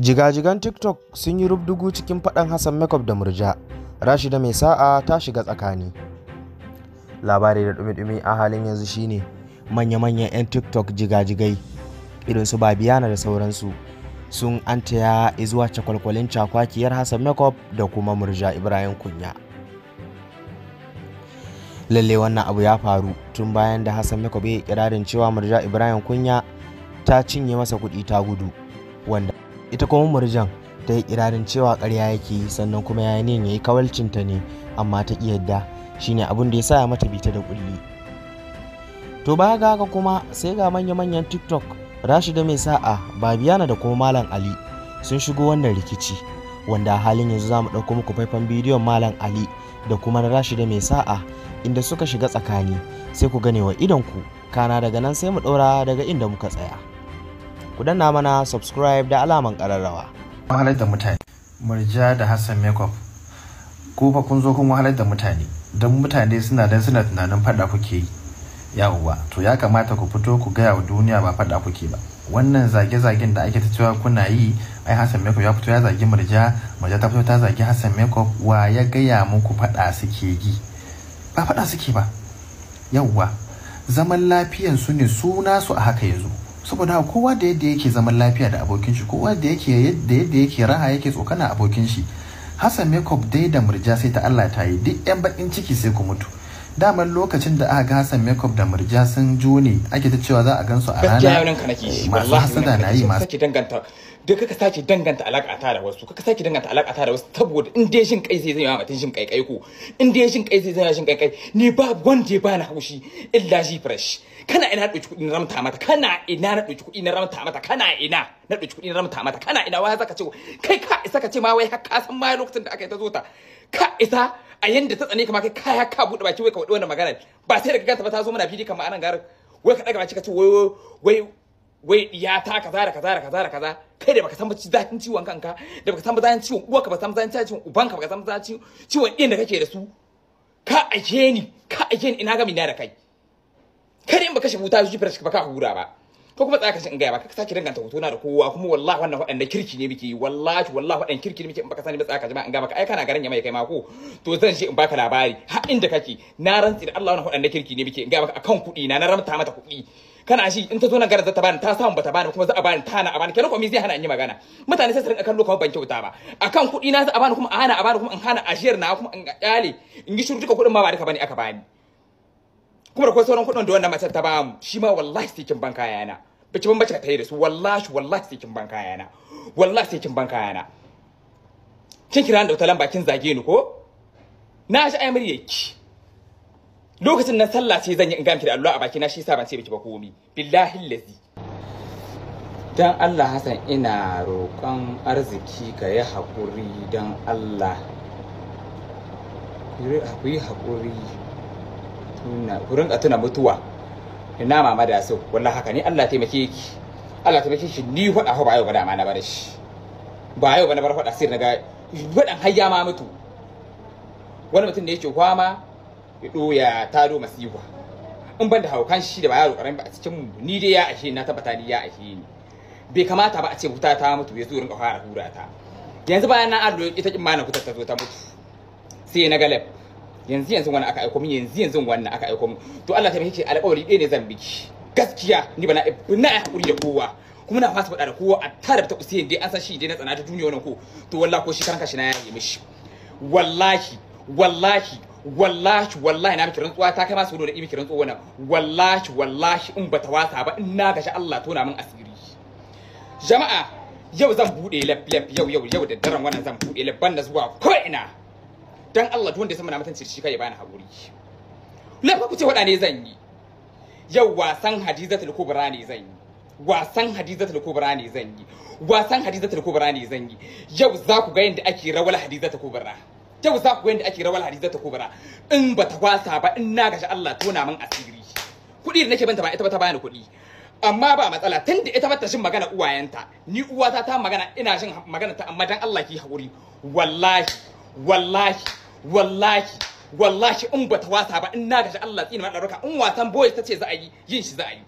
Jigajigan TikTok sun yi rubdugu cikin faɗan Hassan Makeup da Murja, Rashida mai sa'a ta shiga tsakani. Labari da dumi-dumi a halin yanzu shine manya-manyan 'yan TikTok jigajigai irin su Babiyana da sauransu sun antaya izuwa cakwalkwalin cakwakiyar Hassan Makeup da kuma Murja Ibrahim Kunya. Lalle wannan abu ya faru tun bayan da Hassan Makeup ya kirarin cewa Murja Ibrahim Kunya ta cinye masa kuɗi ta gudu wanda ita kuma murjan ta yi kirarin cewa karya yake yi sannan kuma ya ne ya yi kawalcinta ne amma ta ƙi yadda shine abin da ya sa mata bita da kulli to baya ga haka kuma sai ga manya-manyan tiktok rashida mai sa'a babiyana da kuma malam ali sun shigo wannan rikici wanda a halin yanzu za mu ɗauko muku faifan bidiyon malam ali da kuma na rashida mai sa'a inda suka shiga tsakani sai ku gane wa ku kana daga nan sai mu ɗora daga inda muka tsaya ku danna mana subscribe da alaman ƙararrawa. wahalar da mutane murja da hassan makeup ku fa kun zo kun wahalar da mutane don mutane suna dan suna tunanin faɗa kuke yi yawwa to ya kamata ku fito ku gaya wa duniya ba faɗa kuke ba wannan zage-zagen da ake ta cewa kuna yi ai hassan makeup ya fito ya zagi murja murja ta fito ta zagi hassan makeup wa ya gaya muku fada suke yi ba fada suke ba yawwa zaman lafiyan su ne suna su a haka yanzu saboda kowa da yadda yake zaman lafiya da abokin shi kowa da yake yadda yake raha yake tsokana abokin shi Hassan makeup dai da murja sai ta Allah ta yi duk yan bakin ciki sai ku mutu daman lokacin da aka gasa makeup da murja sun jo ne ake ta cewa za a gansu a rana masu hasada na yi masu danganta duk kaka sake danganta alaka ta da wasu kaka sake danganta alaka ta da wasu saboda in dai shin kai zai zama mutun shin kai kai ko in dai shin kai zai zama shin kai kai ni ba wanda ba na haushi illa shi fresh kana ina dauki kudi na ramta mata kana ina na dauki kudi na ramta mata kana ina na dauki kudi na ramta mata kana ina wai ka ce kai ka isa ka ce ma wai ka san ma lokacin da aka yi ta zo ta ka isa a yanda ta tsane kama kai kaya ka bude baki wai ka wadi wannan magana ba sai da ka ganta ba ta zo mana fili kamar anan garin wai ka daga baki ka ce wai wai wai ya ta kaza da kaza da kaza da kaza kai da baka san ba zafin ciwon kanka da baka san ba zafin ciwon uwarka ba san ba zafin ciwon ubanka ba san ba zafin ciwon din da kake da su ka aje ni ka aje ni ina ga mina da kai kare in baka shi buta ba ka baka hura ba ko kuma tsaka ka gaya ba kaka sake danganta hoto na da kowa kuma wallahi wannan waɗanda kirki ne muke wallahi wallahi waɗanda kirki ne muke in baka sani ba tsaka ka in ga maka ai kana garin ya mai kai ma ko to zan je in baka labari har inda kake na rantsi da Allah wannan waɗanda kirki ne muke in ga maka akan kuɗi na na ramta mata kuɗi kana shi in ta zo nan garin za ta bani ta samu bata bani kuma za a bani ta na a bani kenan kuma me zai hana in yi magana mutane sai su rinka kallo kawai ban kyauta ba akan kuɗi na za a bani kuma a hana a bani kuma in hana ashiyar na kuma in kyale in yi shiru duka kuɗin ma ba duka bane aka bani kuma da sauran kuɗin da wannan matar ta bamu shi ma wallahi sai kin ban kayana Bace ban bace ka tayi da su wallahi wallahi sai kin ban kayana wallahi sai kin ban kayana kin kira da talan bakin zage ni ko na shi ai muryarki lokacin nan sallah sai zan yi in gamki da Allah a baki na shi yasa ban ce biki ba komi billahi lazi dan Allah Hassan ina roƙon arziki ka yi hakuri dan Allah ku yi hakuri. ku rinka tuna mutuwa ina mama da so wallahi haka ne Allah taimake ki Allah taimake shi ni faɗa ba yau ba da mana bare shi ba yau ba na bar faɗa sai na ga faɗan hayya ma mutu wani mutum da yake kwama ya ta do masifa in ban da haukan shi da ba yaro ƙarami ba a cikin mu ni dai ya ashe na tabbata ni ya ashe ni bai kamata ba a ce wuta ta mutu ya zo rinka fara hura ta yanzu bayan na ado ita kin ma na kuta ta zo ta mutu sai na galab yanzu yanzu wannan aka aiko min yanzu yanzu wannan aka aiko min to Allah ta mai alƙawari ɗaya ne zan biki gaskiya ni bana ibna hakuri da kowa kuma na fasa faɗa da kowa a tare ta usiyin dai an san shi dai na tsana ta duniya wannan ko to wallahi ko shi karanka shi na yaye mishi wallahi wallahi wallahi wallahi na miki rantsuwa ta kai ma su da miki rantsuwa wannan wallahi wallahi in ba ta wasa ba in na gashi Allah tona min asiri jama'a yau zan bude lab lab yau yau yau da daren wannan zan bude lab banda zuwa ko ina dan Allah duk wanda ya san mana mutunci shi kai bani haƙuri lafa ku ce wada ne zan yi yau wasan hadizatul kubra ne zan yi wasan hadizatul kubra ne zan yi wasan hadizatul kubra ne zan yi yau za ku ga yanda ake rawal hadizatul kubra yau za ku ga yanda ake rawal hadizatul kubra in ba ta kwasa ba in na gashi Allah tona min asiri kuɗi da nake banta ba ita ba ta bani kuɗi amma ba matsala tun da ita bata shin magana uwayenta ni uwata ta magana ina shin magana ta amma dan Allah ki haƙuri wallahi wallahi wallahi wallahi in bata wasa ba in na gaji Allah tsina ma ɗaruka in wasan boys ta ce za a yi yin shi za a yi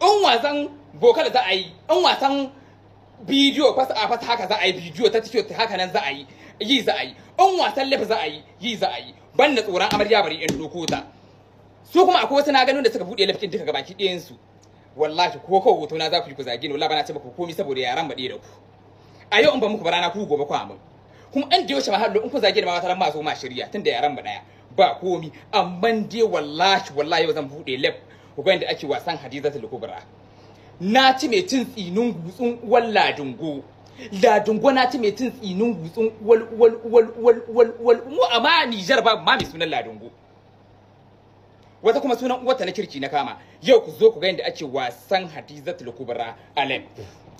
in wasan vocal za a yi in wasan bidiyo fas a fas haka za a yi bidiyo ta tiyo haka nan za a yi yi za a yi in wasan lif za a yi yi za a yi ban na tsoron amarya bari in doko ta su kuma akwai wasu na gano da suka buɗe lifkin duka gabaki ɗayan su wallahi ko kawai hoto na za ku yi ku zage ni wallahi ba na ce ba ku komi saboda yaran baɗe da ku a yau in ba muku barana ku gobe ku amin kuma an da yaushe ma in ku zage da ma wata ma zo ma shirya tunda yaran ba daya ba komi amma dai wallahi wallahi zan bude lab uban da ake wasan hadizatul kubra na ci mai cin tsinin gutsun uwar ladungo ladungo na ci mai cin tsinin gutsun wal wal wal wal wal wal mu amma Niger ba ma mai sunan ladungo wata kuma sunan uwarta na kirki na kama yau ku zo ku ga yadda ake wasan hadizatul kubra alem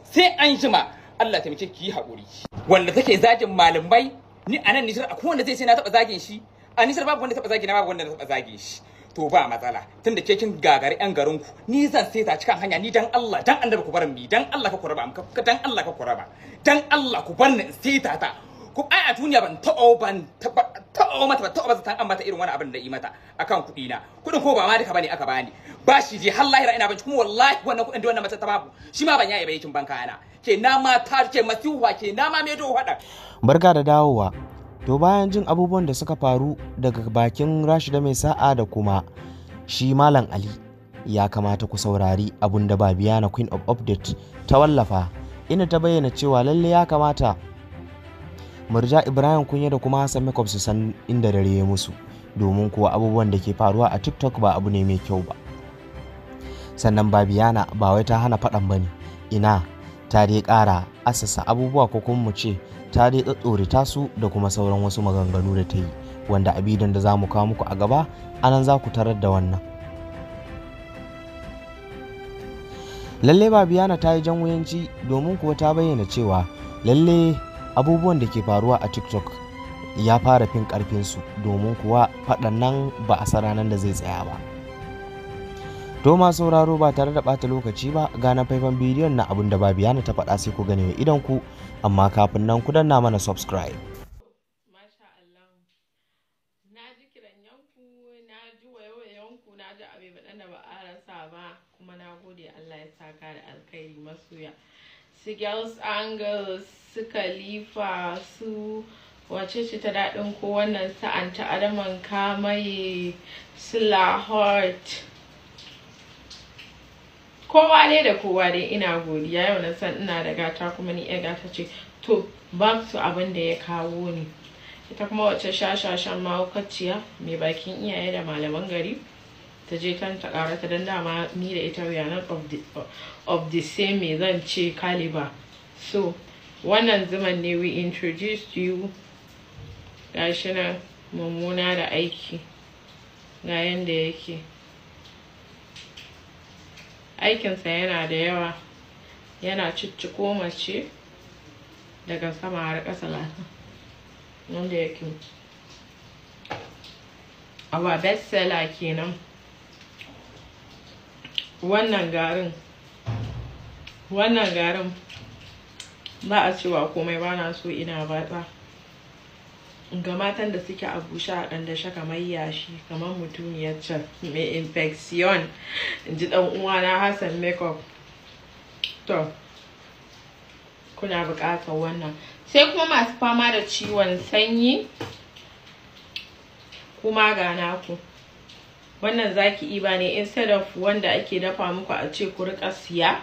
sai an jima Allah ta mace ki haƙuri wanda take zagin malamai ni a nan Nijar akwai wanda zai sai na taɓa zagin shi a Nijar babu wanda taɓa zagin na babu wanda taɓa zagin shi to ba matsala tunda ke kin gagari yan garin ku ni zan sai ta cikin hanya ni dan Allah dan Allah ku bar ni dan Allah ka kuraba amka dan Allah ka kuraba dan Allah ku bar ni sai ta ta ku ai a duniya ban taɓa ban taɓa mata ba taɓa ba zatan an mata irin wani abin da yi mata akan kuɗi na kuɗin ko ba ma duka bane aka bani bashi je har lahira ina ban kuma wallahi wannan kuɗin da wannan mata ta babu shi ma ban yaye ba banka ana ke barka da dawowa to bayan jin abubuwan da suka faru daga bakin rashida mai sa'a da kuma shi malam ali ya kamata ku saurari abun da babiana queen of update ta wallafa ina ta bayyana cewa lalle ya kamata murja ibrahim kunya da kuma hassan makeup su san inda dare ya musu domin kuwa abubuwan da ke faruwa a tiktok ba abu ne mai kyau ba sannan babiana ba wai ta hana faɗan ba ne ina ta dai ƙara asasa abubuwa ko kuma mu ce ta dai tsattsorita su da kuma sauran wasu maganganu da ta yi wanda abidan da za mu kawo muku a gaba anan za ku tarar da wannan lalle babiyana ta yi jan wuyanci domin kuwa ta bayyana cewa lalle abubuwan da ke faruwa a tiktok ya fara fin karfinsu domin kuwa faɗan nan ba a ranar da zai tsaya ba to ma sauraro ba tare da bata lokaci ba gana faifan bidiyon na abin da babiyana ta faɗa sai ku gani idan ku amma kafin nan ku danna mana subscribe su girls angles su khalifa su wace ce ta daɗin ko wannan sa'anta adaman kamaye su lahort kowa dai da kowa dai ina godiya yau na san ina da gata kuma ni ya gata ce to back to abin da ya kawo ni ita kuma wacce shashashan mahaukaciya mai bakin iyaye da malaman gari ta je kan ta ƙara ta don dama ni da ita yanar of the same mai zan ce caliber so wannan zuman ne we introduced you Gashina mummuna da aiki ga yanda yake aikinsa yana da yawa yana cicciko mace daga sama har ƙasa latin wanda yake awa bestseller kenan wannan garin wannan garin ba a cewa komai ba na so ina ba ta. ga matan da suke a bushe a ƙandashe kamar yashi kamar mutumiyar can mai infection in ji ɗan uwana hassan makeup to kuna buƙatar wannan sai kuma masu fama da ciwon sanyi kuma ga naku wannan zaki iba ne instead of wanda ake dafa muku a ce ku riƙa siya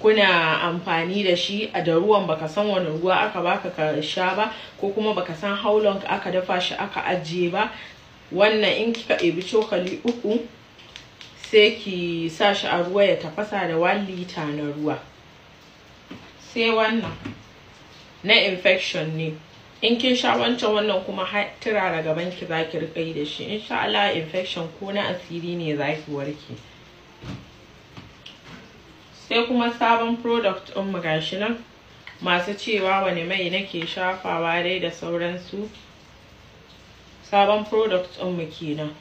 kuna amfani da shi a da ruwan baka san wani ruwa aka baka ka sha ba ko kuma baka san how long aka dafa shi aka ajiye ba wannan in kika ebi cokali uku sai ki sa shi a ruwa ya tafasa da 1 lita na ruwa sai wannan na infection ne in kin sha wancan wannan kuma turara gaban ki zaki rika yi da shi insha Allah infection ko na asiri ne zaki warke sai kuma sabon product ɗin mu gashi nan masu cewa wani mai nake shafawa dai da sauransu sabon product ɗin mu kenan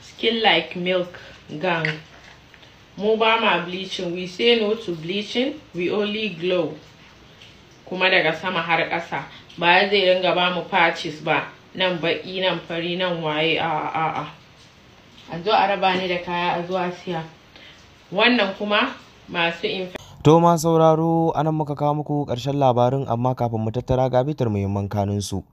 skin like milk gang mu ba ma bleaching we say no to bleaching we only glow kuma daga sama har ƙasa ba zai ringa ba mu patches ba nan baƙi nan fari nan waye a a a a zo a raba ni da kaya a zuwa siya wannan kuma masu To ma sauraro anan muka kawo muku ƙarshen labarin amma kafin mu tattara ga bitar muhimman kanun su.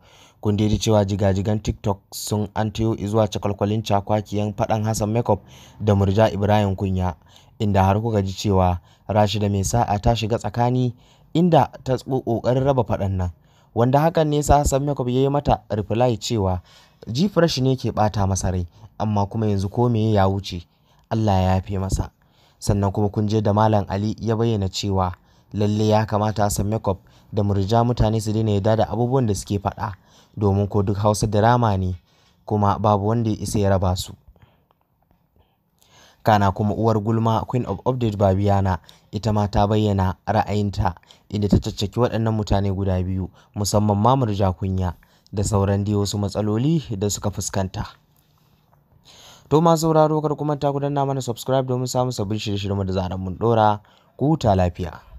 Kun daidai cewa jigajigan TikTok sun antiyo zuwa cakwalkwalin cakwakiyan faɗan Hassan Makeup da Murja Ibrahim Kunya inda har kuka ji cewa Rashida mai sa'a ta shiga tsakani inda ta ƙoƙarin raba faɗan nan. Wanda hakan ne sa Hassan Makeup ya yi mata reply cewa ji fresh ne ke ɓata masa rai amma kuma yanzu ko me ya wuce Allah ya yafe masa. sannan kuma kun je da Malam Ali ya bayyana cewa lalle ya kamata san Makeup da murja mutane su daina yarda da abubuwan da suke faɗa domin ko duk Hausa da rama ne kuma babu wanda ya isa ya raba su. Kana kuma uwar gulma Queen of Update Babiana ita ma ta bayyana ra'ayinta inda ta caccaki waɗannan mutane guda biyu musamman ma murja kunya da sauran dai wasu matsaloli da suka fuskanta. To ma sauraro kar kuma ta mana subscribe domin samun sabbin shirye-shiryen da zaran mun dora. Ku wuta lafiya.